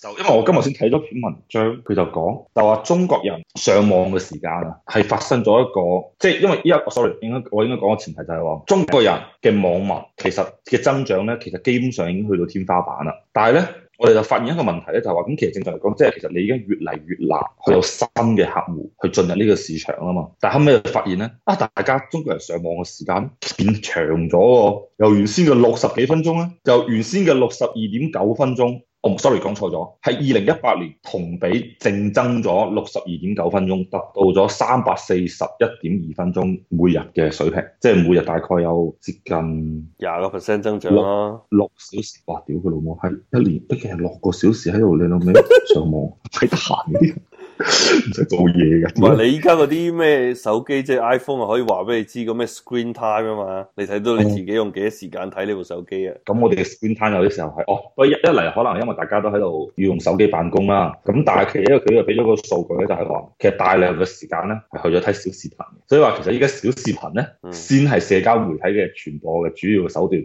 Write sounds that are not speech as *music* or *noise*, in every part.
就因為我今日先睇咗篇文章，佢就講就話中國人上網嘅時間啊，係發生咗一個，即係因為依家，sorry，我應該講個前提就係話中國人嘅網民其實嘅增長咧，其實基本上已經去到天花板啦。但係咧，我哋就發現一個問題咧，就係話咁其實正常嚟講，即係其實你已經越嚟越難去有新嘅客戶去進入呢個市場啦嘛。但係後尾就發現咧，啊，大家中國人上網嘅時間變長咗，由原先嘅六十幾分鐘咧，由原先嘅六十二點九分鐘。我唔、oh，sorry，講錯咗，係二零一八年同比淨增咗六十二點九分鐘，得到咗三百四十一點二分鐘每日嘅水平，即係每日大概有接近廿個 percent 增長啦、啊。六小時，哇，屌佢老母，喺一年畢竟係六個小時喺度練到咩？屌佢老母，太慘啦！唔使做嘢嘅，唔係你依家嗰啲咩手機即係 iPhone 啊，可以話俾你知個咩 screen time 啊嘛？你睇到你自己用幾多時間睇呢部手機啊？咁、嗯、我哋嘅 screen time 有啲時候係哦，一一嚟可能因為大家都喺度要用手機辦公啦。咁但係其實因為佢又俾咗個數據咧，就係話其實大量嘅時間咧係去咗睇小視頻，所以話其實依家小視頻咧、嗯、先係社交媒體嘅傳播嘅主要嘅手段。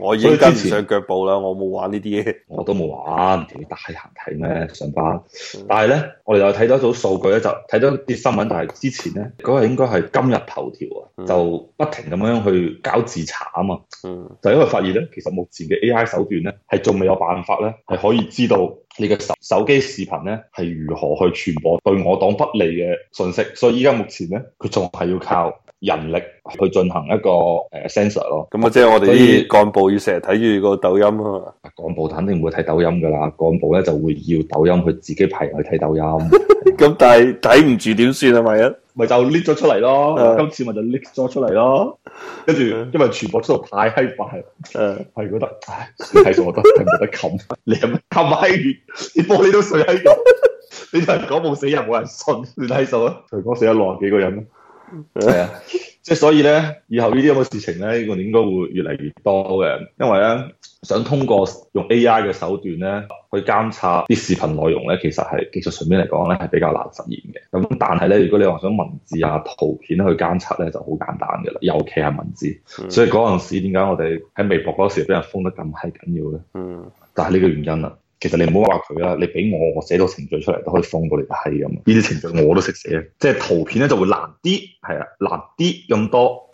我已經跟唔上腳步啦，我冇、嗯、玩呢啲嘢，我都冇玩，點解得閒睇咩？上班，嗯、但係咧我哋有。睇到一組數據咧，就睇到啲新聞。但係之前咧，嗰個應該係今日頭條啊，嗯、就不停咁樣去搞自查啊嘛。嗯、就因為發現咧，其實目前嘅 AI 手段咧，係仲未有辦法咧，係可以知道。你嘅手手機視頻咧，係如何去傳播對我黨不利嘅信息？所以依家目前咧，佢仲係要靠人力去進行一個誒 censor 咯、嗯。咁啊以，即係我哋啲幹部要成日睇住個抖音啊。幹部肯定唔會睇抖音噶啦，幹部咧就會要抖音去自己排去睇抖音。咁但係睇唔住點算啊？咪啊，咪就拎咗出嚟咯。今 *laughs* 次咪就拎咗出嚟咯。跟住，嗯、因為傳播速度太閪快，誒、嗯，係覺得唉，你睇數，我得係冇得冚，你有冚閪？啲玻璃都碎喺度，你同人講冇死人，冇人信你睇數咯。除講死咗六十幾個人咯，係啊。 *laughs* *laughs* 即係所以咧，以後呢啲咁嘅事情咧，我哋應該會越嚟越多嘅，因為咧想通過用 AI 嘅手段咧去監察啲視頻內容咧，其實係技術上面嚟講咧係比較難實現嘅。咁但係咧，如果你話想文字啊圖片去監察咧，就好簡單嘅啦。尤其係文字，嗯、所以嗰陣時點解我哋喺微博嗰時俾人封得咁係緊要咧？嗯，就係呢個原因啦、啊。其實，你唔好話佢啦，你俾我我寫到程序出嚟都可以封到你個閪咁。呢啲程序我都識寫，即係圖片咧就會難啲，係啊，難啲咁多，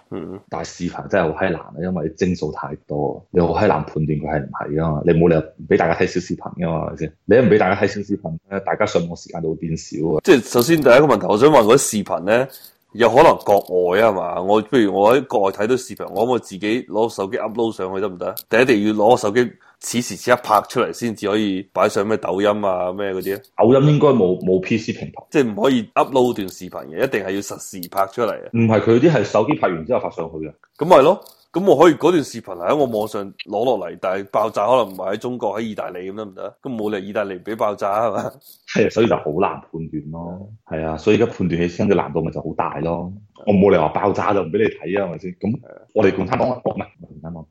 但係視頻真係好閪難啊，因為幀數太多，你好閪難判斷佢係唔係噶嘛，你冇理由唔俾大家睇小視頻噶嘛，係咪先？你唔俾大家睇小視頻咧，大家上網時間就會變少啊！即係首先第一個問題，我想問嗰啲視頻咧，有可能國外啊嘛？我譬如我喺國外睇到視頻，我可唔可以自己攞手機 upload 上，上去得唔得？第一，行行一定要攞手機。此時此刻拍出嚟先至可以擺上咩抖音啊咩嗰啲？抖音應該冇冇 PC 平台，即係唔可以 upload 段視頻嘅，一定係要實時拍出嚟嘅！唔係佢啲係手機拍完之後發上去嘅。咁咪咯，咁我可以嗰段視頻喺我網上攞落嚟，但係爆炸可能唔係喺中國，喺意大利咁得唔得？咁冇理由意大利唔俾爆炸啊嘛？係啊，所以就好難判斷咯。係啊，所以而家判斷起身嘅難度咪就好大咯。啊、我冇理由爆炸就唔俾你睇啊，係咪先？咁、啊、我哋共產黨唔係共產黨。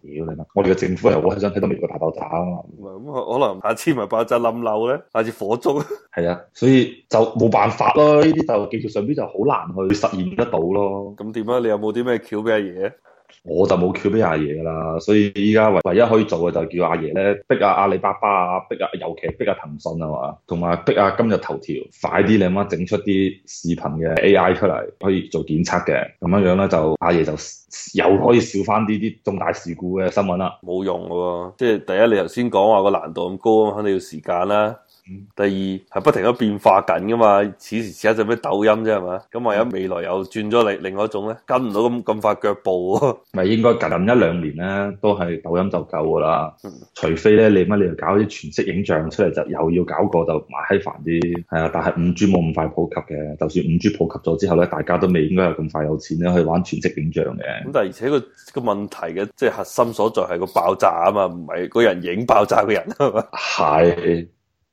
我哋嘅政府又好想睇到美國大爆炸啊嘛，咁可能下次咪爆炸冧樓，咧，下次火燭咧。 *laughs* 係啊，所以就冇辦法咯。呢啲就技術上邊就好難去實現得到咯。咁點啊？你有冇啲咩橋嘅嘢？我就冇叫俾阿爺噶啦，所以依家唯唯一可以做嘅就叫阿爺咧逼下、啊、阿里巴巴啊，逼啊尤其逼下、啊、騰訊啊嘛，同埋逼下、啊、今日頭條、嗯、快啲你阿媽整出啲視頻嘅 AI 出嚟，可以做檢測嘅，咁樣樣咧就阿爺就又可以少返呢啲重大事故嘅新聞啦。冇用嘅喎、啊，即係第一你頭先講話個難度咁高，肯定要時間啦。第二係不停咁變化緊噶嘛，此時此刻就咩抖音啫係嘛，咁萬一未來又轉咗你另外一種咧，跟唔到咁咁快腳步，咪應該近一兩年咧都係抖音就夠噶啦，嗯、除非咧你乜你又搞啲全息影像出嚟就又要搞個就麻閪煩啲，係啊，但係五 G 冇咁快普及嘅，就算五 G 普及咗之後咧，大家都未應該有咁快有錢咧去玩全息影像嘅。咁但係而且個個問題嘅，即係核心所在係個爆炸啊嘛，唔係個人影爆炸嘅人啊嘛，係。 *laughs* *laughs*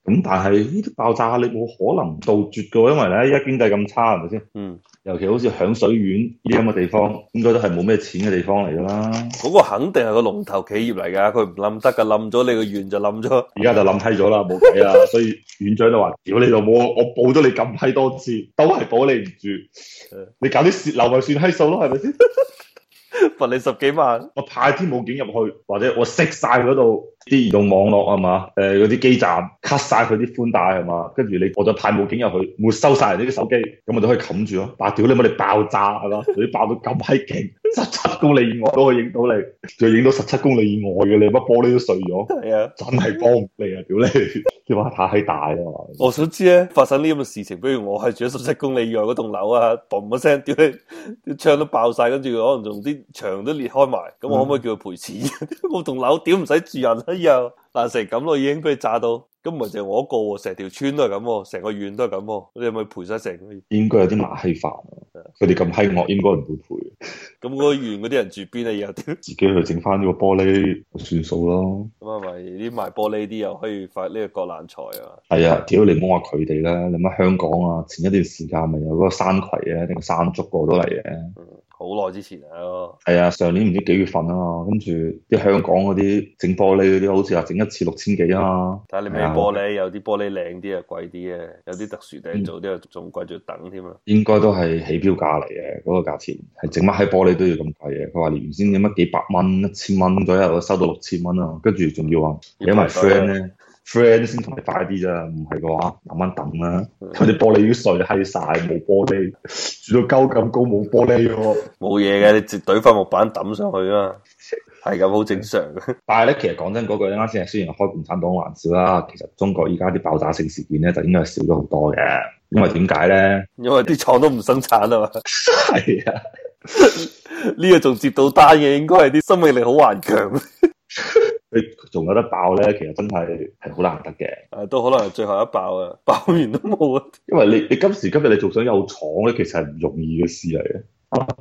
咁但係呢啲爆炸力冇可能杜絕噶，因為咧而家經濟咁差，係咪先？嗯，尤其好似響水縣呢啲咁嘅地方，應該都係冇咩錢嘅地方嚟噶啦。嗰個肯定係個龍頭企業嚟噶，佢唔冧得噶，冧咗你個縣就冧咗。而家就冧低咗啦，冇計啦！ *laughs* 所以院長都話：屌你老母，我保咗你咁閪多次，都係保你唔住。 *laughs* *laughs* 你搞啲泄漏咪算閪數咯，係咪先？ *laughs* 罰你十幾萬，我派啲武警入去，或者我熄晒嗰度啲移動網絡係嘛，誒嗰啲基站 cut 晒佢啲寬帶係嘛，跟住你我就派武警入去，沒收晒人哋啲手機，咁我就可以冚住咯。白屌你冇你爆炸係嘛，你爆到咁閪勁。 *laughs* 十七公里以外都可以影到你，就影到十七公里以外嘅你，乜玻璃都碎咗， *laughs* 真係幫唔你啊！屌你，你話 *laughs* 太閪大啦！我想知咧，發生呢咁嘅事情，比如我係住咗十七公里以外嗰棟樓啊，嘣一聲，屌你，啲窗都爆晒，跟住可能仲啲牆都裂開埋，咁我可唔可以叫佢賠錢？ *laughs* *laughs* 我棟樓屌唔使住人一樣，但成咁咯，已經畀佢炸到。咁唔係就我一個，成條村都係咁，成個縣都係咁。你係咪賠晒成？應該有啲麻閪煩啊。佢哋咁閪惡，應該唔會賠。咁嗰個縣嗰啲人住邊啊？又 *laughs* 自己去整翻呢個玻璃算數咯。咁啊， *laughs* 咪啲賣玻璃啲又可以發呢個國難財啊？係 *laughs* 啊，屌你唔好話佢哋啦，你乜香港啊？前一段時間咪有嗰個山葵啊定山竹個都嚟嘅。 *laughs* 好耐之前係囉，係啊，上年唔知幾月份啊嘛，跟住啲香港嗰啲整玻璃嗰啲，好似話整一次六千幾啊。睇你咩玻璃，啊、有啲玻璃靚啲啊，貴啲嘅，有啲特殊訂做啲啊，仲貴住等添啊。應該都係起標價嚟嘅嗰個價錢，係整乜喺玻璃都要咁貴嘅。佢話原先有乜幾百蚊，一千蚊左右，都收到六千蚊啊。跟住仲要話，因為 friend 咧，越 friend 先同你快啲咋，唔係嘅話慢慢等啦。佢哋 *music* 玻璃已經碎閪晒，冇玻璃，住到鳩咁高冇玻璃喎，冇嘢嘅，你直懟翻木板抌上去啊。係咁，好正常。 *laughs* 但係咧，其實講真嗰句咧，啱先係雖然開共產黨玩笑啦，其實中國依家啲爆炸性事件咧就應該係少咗好多嘅。因為點解咧？因為啲廠都唔生產啊嘛。係啊，呢個仲接到單嘅，應該係啲生命力好頑強。 *laughs* 你仲有得爆咧？其實真係係好難得嘅。誒、啊，都可能係最後一爆啊！爆完都冇啊！因為你你今時今日你仲想有廠咧，其實係唔容易嘅事嚟嘅。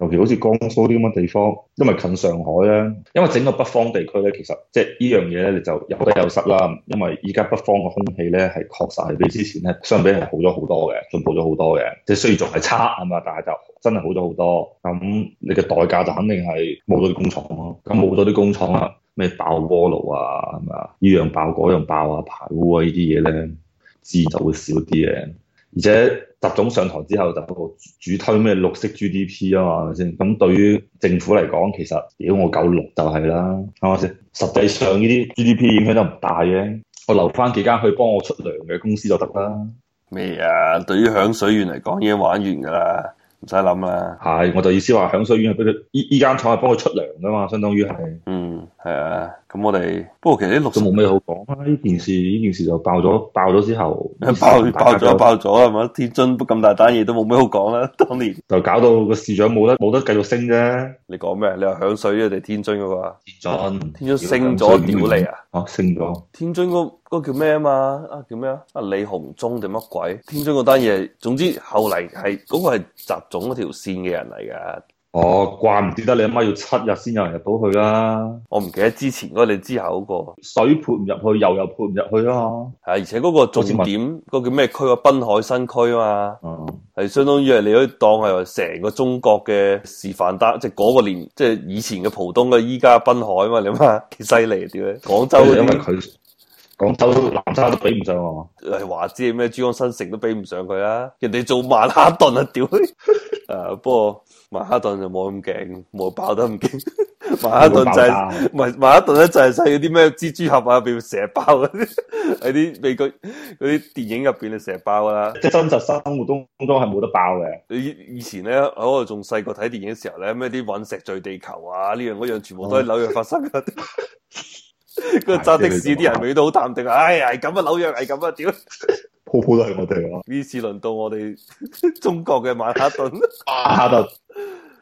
尤其好似江蘇啲咁嘅地方，因為近上海咧。因為整個北方地區咧，其實即係呢樣嘢咧，你就有得有失啦。因為依家北方嘅空氣咧，係確實係比之前咧相比係好咗好多嘅，進步咗好多嘅。即係雖然仲係差啊嘛，但係就真係好咗好多。咁你嘅代價就肯定係冇咗啲工廠咯。咁冇咗啲工廠啊！咩爆鍋爐啊，係咪啊？依樣爆果，嗰樣爆啊，排污啊，呢啲嘢咧，自然就會少啲嘅。而且習總上台之後就主推咩綠色 GDP 啊嘛，係咪先？咁對於政府嚟講，其實屌我搞綠就係啦，係咪先？實際上呢啲 GDP 影響都唔大嘅，我留翻幾間去幫我出糧嘅公司就得啦。咩啊？對於響水縣嚟講，已經玩完㗎啦，唔使諗啦。係，我就意思話響水縣係畀佢，依依間廠係幫佢出糧㗎嘛，相當於係。嗯。係啊，咁我哋不過其實啲六都冇咩好講啦。呢件事呢件事就爆咗，爆咗之後，爆爆咗了爆咗係嘛？天津咁大單嘢都冇咩好講啦。當年就搞到個市長冇得冇得繼續升啫。你講咩？你話響水啊定天津嗰個？天津升咗屌你啊！哦、啊，升咗。天津嗰、那、嗰、個那個、叫咩啊嘛？啊叫咩啊？啊李鴻忠定乜鬼？天津嗰單嘢，總之後嚟係嗰個係習總嗰條線嘅人嚟噶。哦，怪唔之得你阿媽要七日先有人入到去啦、啊。我唔記得之前嗰個你之後嗰個水潑唔入去，油又潑唔入去咯、啊。係、啊，而且嗰個重點，嗰個叫咩區啊？濱海新區啊嘛，係、嗯、相當於係你可以當係成個中國嘅示範單，即係嗰個年，即、就、係、是、以前嘅浦東嘅，依家濱海啊嘛，你諗下，幾犀利啊？點解？廣州嗰啲。廣州南沙都比唔上喎，誒，話知咩珠江新城都比唔上佢啦、啊，人哋做曼哈頓啊，屌！ *laughs* 啊，不過曼哈頓就冇咁勁，冇爆得咁勁。曼哈頓就係曼曼哈頓咧就係細嗰啲咩蜘蛛俠啊，俾佢射爆嗰啲，係啲你個嗰啲電影入邊嘅蛇包啦。即係真實生活中都係冇得爆嘅。你以前咧，我度仲細個睇電影嘅時候咧，咩啲隕石墜地球啊，呢樣嗰樣全部都喺紐約發生 *laughs* 嗰揸 *laughs* 的士啲人味都好淡定， *laughs* 哎呀，係咁啊，紐約係咁啊，屌，鋪鋪都係我哋啊！呢次輪到我哋中國嘅曼哈頓，啊得。啊